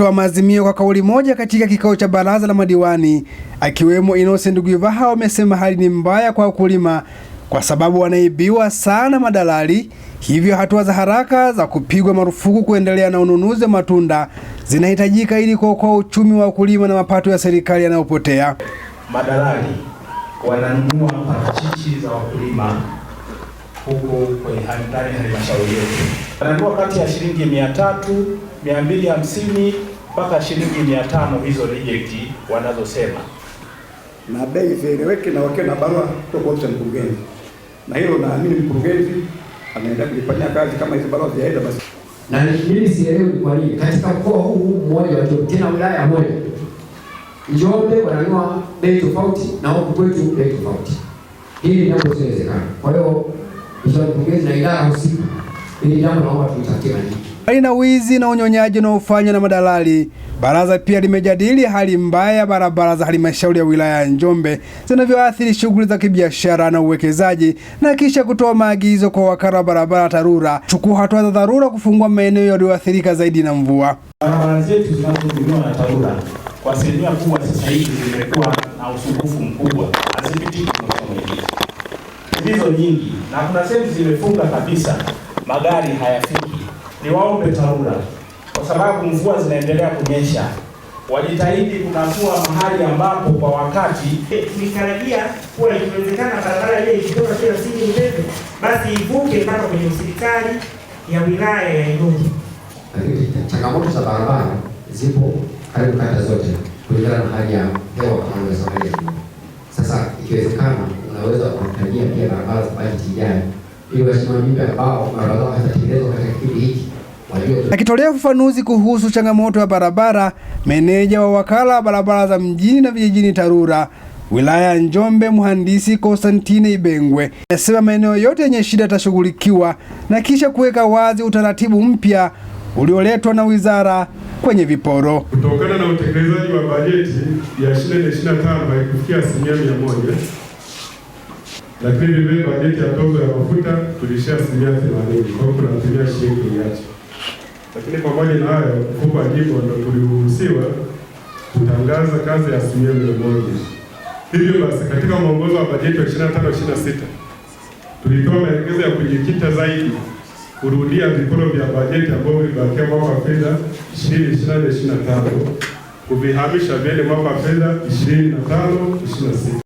kutoa maazimio kwa kauli moja katika kikao cha baraza la madiwani, akiwemo Innocent Gwivaha, wamesema hali ni mbaya kwa wakulima kwa sababu wanaibiwa sana madalali, hivyo hatua za haraka za kupigwa marufuku kuendelea na ununuzi wa matunda zinahitajika ili kuokoa uchumi wa wakulima na mapato ya serikali yanayopotea. Madalali wananunua parachichi za wakulima huko kwenye ndani ya halmashauri yetu, wananunua kati ya shilingi mia tatu mia mbili hamsini mpaka shilingi mia tano hizo reject wanazosema, na bei zieleweke na wake na barua kutoka kwa mkurugenzi, na hilo naamini mkurugenzi anaenda kulifanyia kazi. Kama hizo barua ziaenda basi, na mimi sielewi kwa nini katika mkoa huu mmoja wa tena wilaya moja Njombe wananua bei tofauti na huku kwetu bei tofauti, hili jambo siwezekana. Kwa hiyo mkurugenzi na idara husika, hili jambo naomba tulitakiwa nini mbali na wizi na unyonyaji unaofanywa na madalali, baraza pia limejadili hali mbaya ya barabara za halmashauri ya wilaya ya Njombe zinavyoathiri shughuli za kibiashara na uwekezaji, na kisha kutoa maagizo kwa wakala wa barabara TARURA chukua hatua za dharura kufungua maeneo yaliyoathirika zaidi na mvua. Barabara zetu zinazotumiwa na TARURA kwa asilimia kubwa sasa hivi zimekuwa na usumbufu mkubwa, hazipitiki hizo nyingi, na kuna sehemu zimefunga kabisa, magari hayafiki niwaombe TARURA kwa sababu mvua zinaendelea kunyesha, wajitahidi kunasua mahali ambapo kwa wakati Nikarajia kuwa ikiwezekana barabara ile ikitoka kila Msingi mbele, basi ivuke mpaka kwenye hospitali ya wilaya ya Lakini Changamoto za barabara zipo karibu kata zote kulingana na hali ya hewa kama Sasa ikiwezekana, unaweza kutarajia pia barabara za bajeti ijayo ili wasimamizi ambao barabara zao hazitatengenezwa katika kipindi hiki Akitolea ufafanuzi kuhusu changamoto ya barabara, meneja wa wakala wa barabara za mjini na vijijini TARURA wilaya ya Njombe mhandisi constantine Ibengwe anasema maeneo yote yenye shida yatashughulikiwa na kisha kuweka wazi utaratibu mpya ulioletwa na wizara kwenye viporo. Kutokana na utekelezaji wa bajeti ya 2025 haikufikia asilimia mia moja, lakini vile bajeti ya tozo ya mafuta tulishia asilimia 80, kwa kuna asilimia lakini pamoja na hayo, kupa jimbo ndo tuliruhusiwa kutangaza kazi ya asilimia mia moja. Hivyo basi, katika mwongozo wa bajeti wa 25 26 tulitoa maelekezo ya kujikita zaidi kurudia vikolo vya bajeti ambayo vilibakia mwaka wa fedha 2024 25 kuvihamisha vyene mwaka wa fedha 25 26.